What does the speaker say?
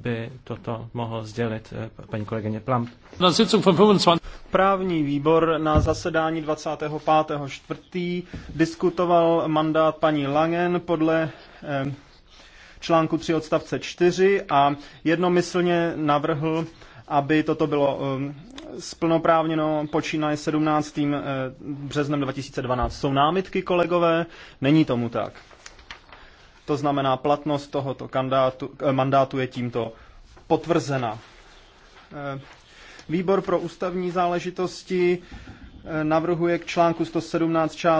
by toto mohl sdělit eh, paní kolegyně Plam. Právní výbor na zasedání 25.4. diskutoval mandát paní Langen podle eh, článku 3 odstavce 4 a jednomyslně navrhl, aby toto bylo eh, splnoprávněno počínaje 17. březnem 2012. Jsou námitky, kolegové? Není tomu tak. To znamená, platnost tohoto kandátu, eh, mandátu je tímto potvrzena. Eh, výbor pro ústavní záležitosti eh, navrhuje k článku 117 část